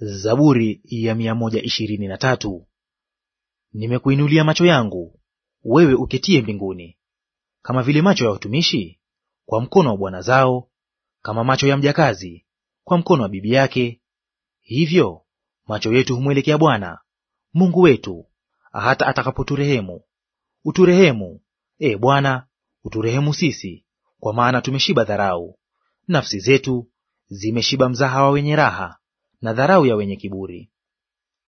Zaburi ya mia moja ishirini na tatu. Nimekuinulia macho yangu wewe uketie mbinguni, kama vile macho ya watumishi kwa mkono wa bwana zao, kama macho ya mjakazi kwa mkono wa bibi yake, hivyo macho yetu humwelekea Bwana Mungu wetu, hata atakapoturehemu. Uturehemu, e Bwana, uturehemu sisi, kwa maana tumeshiba dharau, nafsi zetu zimeshiba mzaha wa wenye raha na dharau ya wenye kiburi.